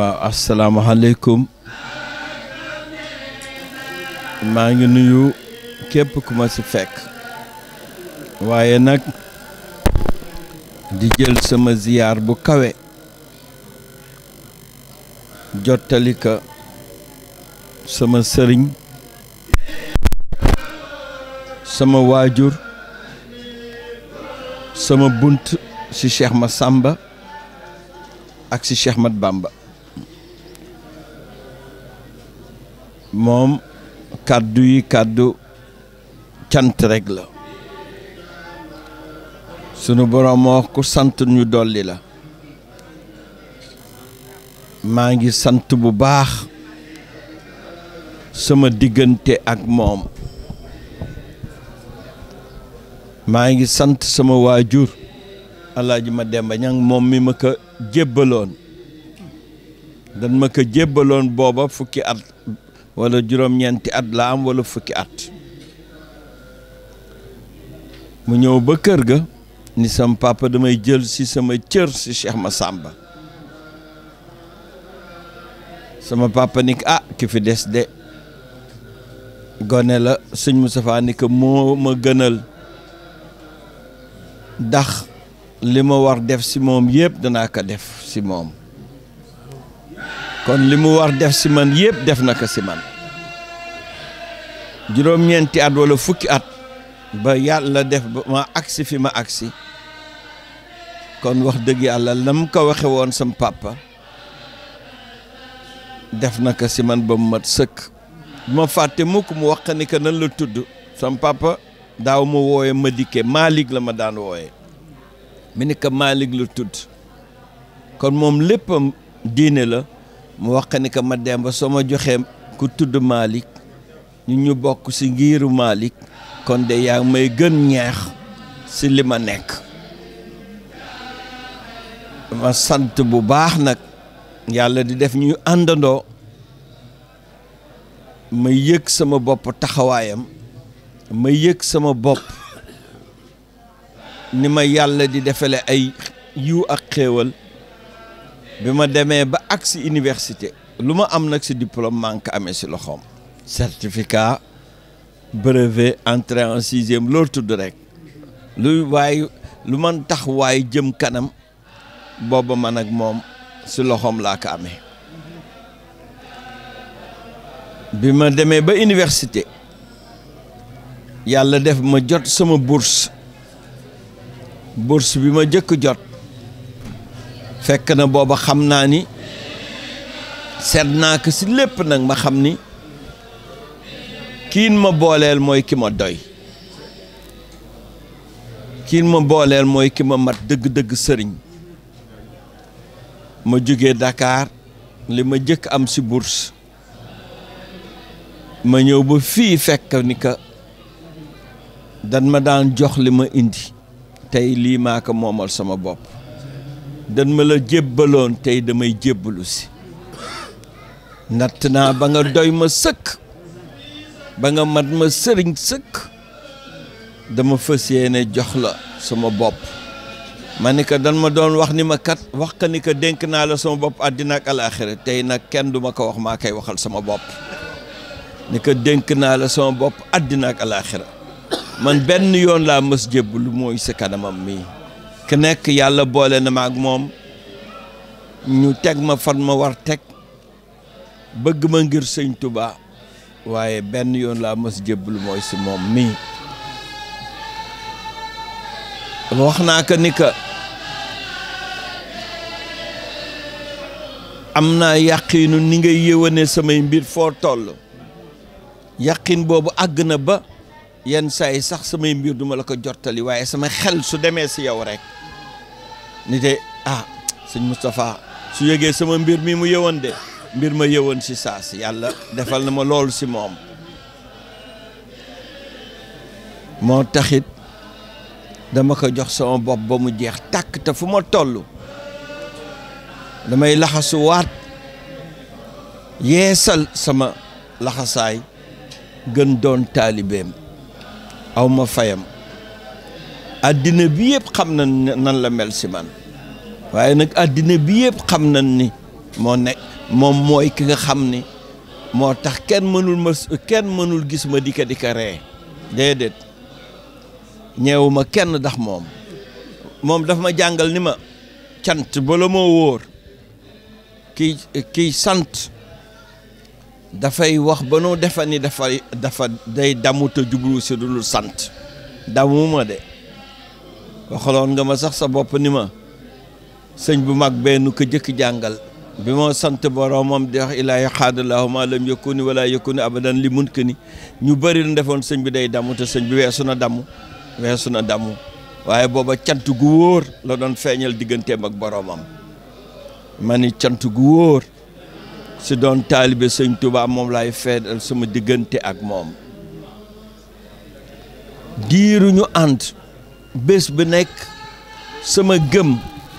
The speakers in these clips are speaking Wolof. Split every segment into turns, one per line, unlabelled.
waaw asalaamaaleykum maa ngi nuyu képp ku ma ci fekk waaye nag di jël sama ziyaar bu kawe jottali ka sama sëriñ sama waajur sama bunt ci Cheikh sàmba ak ci Cheikh Mat Bamba moom kàddu yi kàddu cant rekk la sunu boroom ku sant ñu dolli la maa ngi sant bu baax sama diggante ak moom maa ngi sant sama waajur alaaji ma demba ñang moom mi ma ko jébbaloon dan ma ko jébbaloon booba fukki at wala juróom-ñeenti at la am wala fukki at mu ñëw ba kër ga ni sam papa damay jël ci sama cër si ma sàmba sama papa ni ah ki fi des de gone la sëñ Moustapha ni ko moo ma gënal ndax li ma war def ci moom yëpp danaa ko def ci moom kon li mu war def si man yépp def na ko si man juróom-ñeenti at wala fukki at ba yàlla def ba ma agsi fi ma agsi kon wax dëgg yàlla lam ko waxe woon sam papa def na ko si man ba mu mat sëkk bu ma fàtte mukk mu wax ni que nan la tudd sam daaw ma wooye ma dikke Malick la ma daan wooye mu ni que Malick lu tudd kon moom léppam diine la mu wax ni que ma demb ba soo ma joxee ku tudd Malick ñu ñu bokk ci ngiiru Malick kon de yaa may gën ñeex ci li ma nekk ma sant bu baax nag yàlla di def ñuy àndandoo ma yëg sama bopp taxawaayam may yëg sama bopp ni ma yàlla di defale ay yiw ak xéewal bi ma demee ba ak si université lu ma am nag si diplôme maa amee si loxoom certificat brevet entrée en sixième loolu tudd rek luy waay lu man tax waay jëm kanam booba man ak moom si loxoom laa ko amee bi ma demee ba iniwersité yàlla def ma jot sama bourse bourse bi ma jëkk jot fekk na booba xam naa ni seet naa ko si lépp nag ma xam ni kiin ma booleel mooy ki ma doy kiin ma booleel mooy ki ma mat dëgg-dëgg sëriñ ma jóge dakaar li ma jëkk am si bourse ma ñëw ba fii fekk ni ka dan ma daan jox li ma indi tey lii maa ko moomal sama bopp dan ma la jébbaloon tey damay jébbalu si natt naa ba nga doy ma sëkk ba nga mat ma sëriñ sëkk dama fas yéene jox la sama bopp ma ni ko dan ma doon wax ni ma kat wax ni ko dénk naa la sama bopp àddina ak tey nag kenn du ma ko wax maa koy waxal sama bopp ni ko naa la sama bopp àddina ak alaaxira man benn yoon laa mës jébbalu mooy sa kanamam mii ku nekk yàlla boole na ma ak moom ñu teg ma fan ma war teg bëgg ma ngir sëñ Touba waaye benn yoon laa mos jébbalu mooy si moom mii wax naa ko ni ka am naa yàqiinu ni ngay yéwane samay mbir foo toll yàqin boobu àgg na ba yenn saa yi sax samay mbir duma la ko jottali waaye sama xel su demee si yow rekk ni de ah sëñ Moustapha su yëgee sama mbir mii mu yëwan de mbir ma si saa si yàlla defal na ma loolu ci moom moo taxit dama ko jox sama bopp ba mu jeex tàkk te fu ma toll damay laxasuwaat waat yeesal sama laxasaay gën doon taalibeem aw ma fayam àddina bi yëpp xam na nan la mel si man waaye nag àddina bi yëpp xam na ni moo nekk moom mooy ki nga xam ni moo tax kenn mënul ma kenn mënul gis ma dikka dikka ree déedéet ñeewuma kenn ndax moom moom dafa ma jàngal ni ma cant bala moo wóor ki kiy sant dafay wax ba noo defa ni dafa dafa day damu te jublu si dul sant damuma de waxaloon nga ma sax sa bopp ni ma sëñ bu mag benn ko jëkk jàngal bi moo sant boromam di wax ilaahi xaadalaahu maa lam yëkkuni wala yëkkuni abadan li mun ni ñu bëri na defoon sëñ bi day damm te sëñ bi weesu na damm weesu na damm waaye booba cant gu wóor la doon feeñal digganteem ak boroomam mani ni cant gu wóor si doon taalibe sëñ Tuubaa moom laay feeñal sama diggante ak moom diiru ñu ànd bés bi nekk sama gëm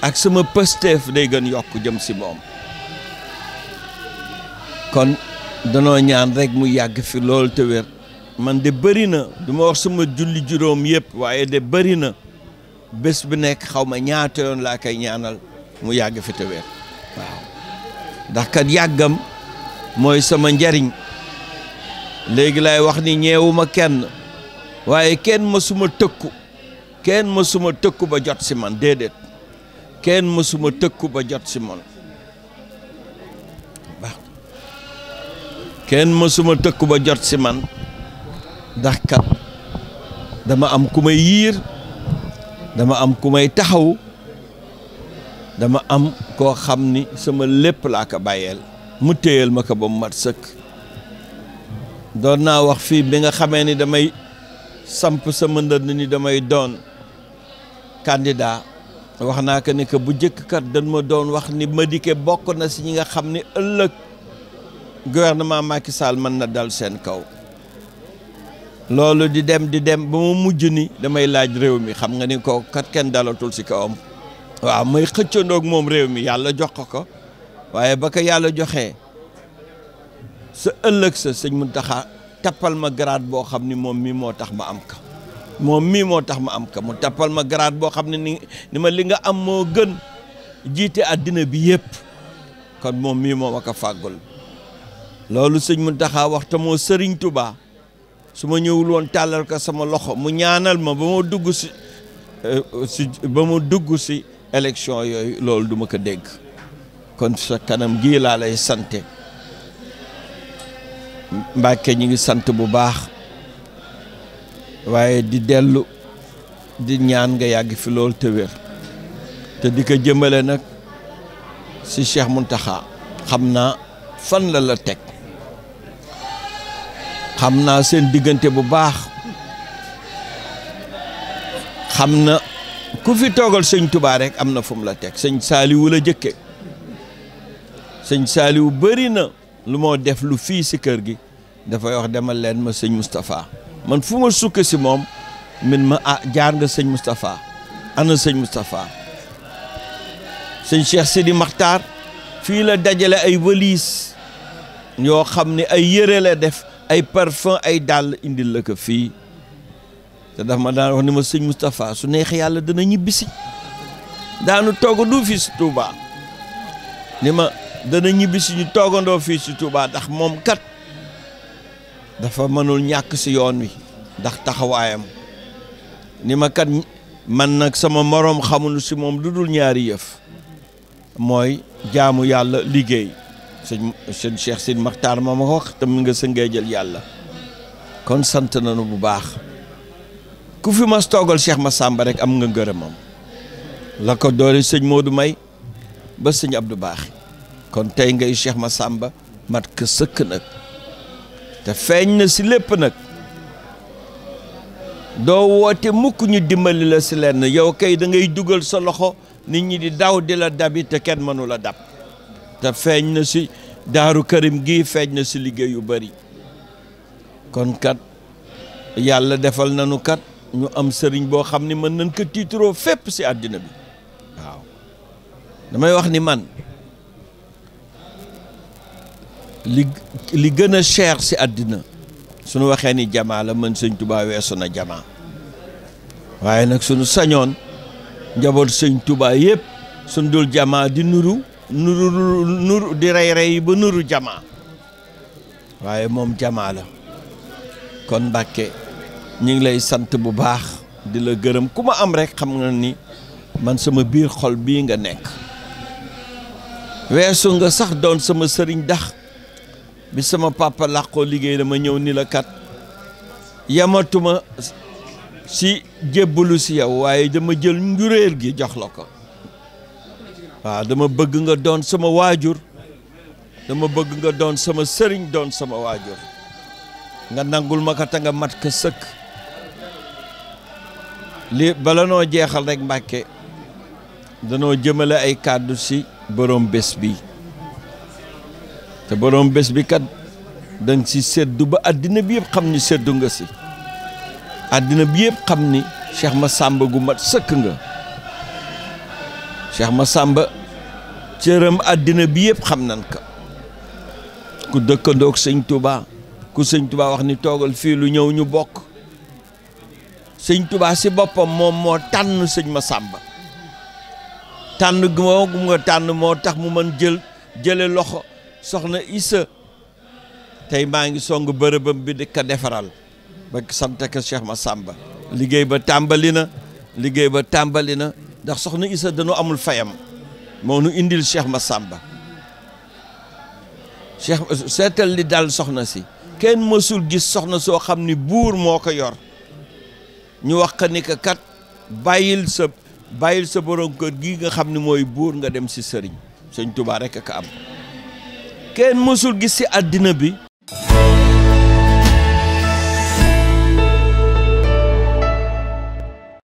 ak sama pësteef day gën yokk jëm si moom kon danoo ñaan rekk mu yàgg fi loolu te man de bëri na du ma wax sama julli juróom yëpp waaye de bëri na bés bu nekk xaw ma ñaata yoon laa koy ñaanal mu yàgg fi te waaw ndax kat yàggam mooy sama njariñ léegi lay wax ni ñeewuma kenn waaye kenn mësuma tëkku kenn mësuma tëkku ba jot si man déedéet kenn mësuma tëkku ba jot si man kenn mësuma tëkku ba jot si man ndax kat dama am ku may yiir dama am ku may taxaw dama am koo xam ni sama lépp laa ko bàyyeel mu téyal ma ko ba mu mat sëkk doon naa wax fii bi nga xamee ni damay samp sama ndënd ni damay doon candidat wax naa ko ni que bu jëkk kat dañ ma doon wax ni Madické bokk na si ñi nga xam ni ëllëg gouvernement Macky Sall mën na dal seen kaw loolu di dem di dem ba mu mujj ni damay laaj réew mi xam nga ni ko kat kenn dalatul si kawam waaw may xëccandoog moom réew mi yàlla jox ko ko waaye ba ko yàlla joxee sa ëllëg sa sëñ Muntaxa tappal ma grade boo xam ni moom mii moo tax ma am ka moom mii moo tax ma am ka mu tappal ma grade boo xam ne ni ni ma li nga am moo gën jiite àddina bi yépp kon moom mii moo ma fàggul loolu sëñ Muntaxa wax te moo sëriñ tubaa su ma ñëwul woon tàllal ko sama loxo mu ñaanal ma ba mu dugg si euh, si ba ma dugg si élection yooyu loolu duma ko dégg kon sa kanam gii laa lay sante Mbàkke ñu ngi sant bu baax waaye di dellu di ñaan nga yàgg fi loolu te wér te di ko jëmmale nag si Cheikh Muntaxa xam naa fan la la teg am naa seen diggante bu baax xam na ku fi toogal sëñ tubaa rek am na fu la teg sëñ saaliwu la jëkke sëñ saaliwu bëri na lu moo def lu fii si kër gi dafay wax demal leen ma sëñ Moustapha man fu ma sukk si moom min ma ah jaar nga sëñ Moustapha ana sëñ Moustapha sëñ Cheikh Sidi Makhtar fii la dajale ay wëliis yoo xam ne ay yëre def ay parfum ay dàll indi la ko fii te daf ma daan wax ni ma sëñ Moustapha su neex yàlla dana ñibbisi daanu toog du fii si Touba ni ma dana ñibbisi toogandoo fii si Touba ndax moom kat dafa mënul ñàkk si yoon wi ndax taxawaayam ni ma kat man nag sama moroom xamul si moom lu dul ñaari yëf mooy jaamu yàlla liggéey sëñ sëñ Cheikh Sine Makhtar ma ma ko wax tam nga sëngee jël yàlla kon sant nanu bu baax ku fi mas toogal ma sàmba rek am nga ngërëmam la ko doole sëñ du May ba sëñ ab du Baax kon tey ngay Cheikh Massamba mat ka sëkk nag te feeñ na si lépp nag doo woote mukk ñu dimbali la si lenn yow kay da ngay dugal sa loxo nit ñi di daw di la dabi te kenn mënula dab feeñ na si daaru karim gii feeñ na si liggéey yu bari kon kat yàlla defal nañu kat ñu am sëriñ boo xam ni mën nañ ko tiituroo fépp si àddina bi waaw damay wax ni man li li gën a cher si àddina suñu waxee ni jamaa la mën sëñ tubaa weesu na jamaa waaye nag sunu sañoon njaboot sëñ tubaa yëpp suñ dul jamaa di nuru nuru di rey rey ba nuru jamaa waaye moom jamaa la kon Mbàkke ñu ngi lay sant bu baax di la gërëm ku ma am rekk xam nga ni man sama biir xol bii nga nekk weesu nga sax doon sama sëriñ dax bi sama papa liggéey dama ñëw ni la kat yamatuma si jébbalu si yow waaye dama jël njureel gi jox la ko waaw dama bëgg nga doon sama waajur dama bëgg nga doon sama sëriñ doon sama waajur nga nangul ma ko te nga mat ko sëkk li bala noo jeexal rekk Mbàkke danoo jëmale ay kàddu si borom bés bi te borom bés bi kat danga si seddu ba àddina bi yëpp xam ni seddu nga si àddina bi yëpp xam ni Cheikh Massamba gu mat sëkk nga Cheikh sàmba cëram àddina bi yëpp xam nan ko ku dëkkandoog sëñ Touba ku sëñ Touba wax ni toogal fii lu ñëw ñu bokk sëñ Touba si boppam moom moo tànn sëñ Massamba tànn moo gum nga tànn moo tax mu mën jël jële loxo soxna Issa tey maa ngi song bërëbam bi di ko defaral ba sant ko Cheikh Massamba liggéey ba tàmbali na liggéey ba tàmbali na ndax soxna isa dañoo amul fayam moo nu indil Cheikh ma sàmba seetal li daal soxna si kenn mësul gis soxna soo xam ni buur moo ko yor ñu wax ka ni que kat bàyyil sa bàyyil sa borom kër gi nga xam ni mooy buur nga dem si sëriñ sëñ Tuubaa rek ka am kenn mësul gis ci àddina bi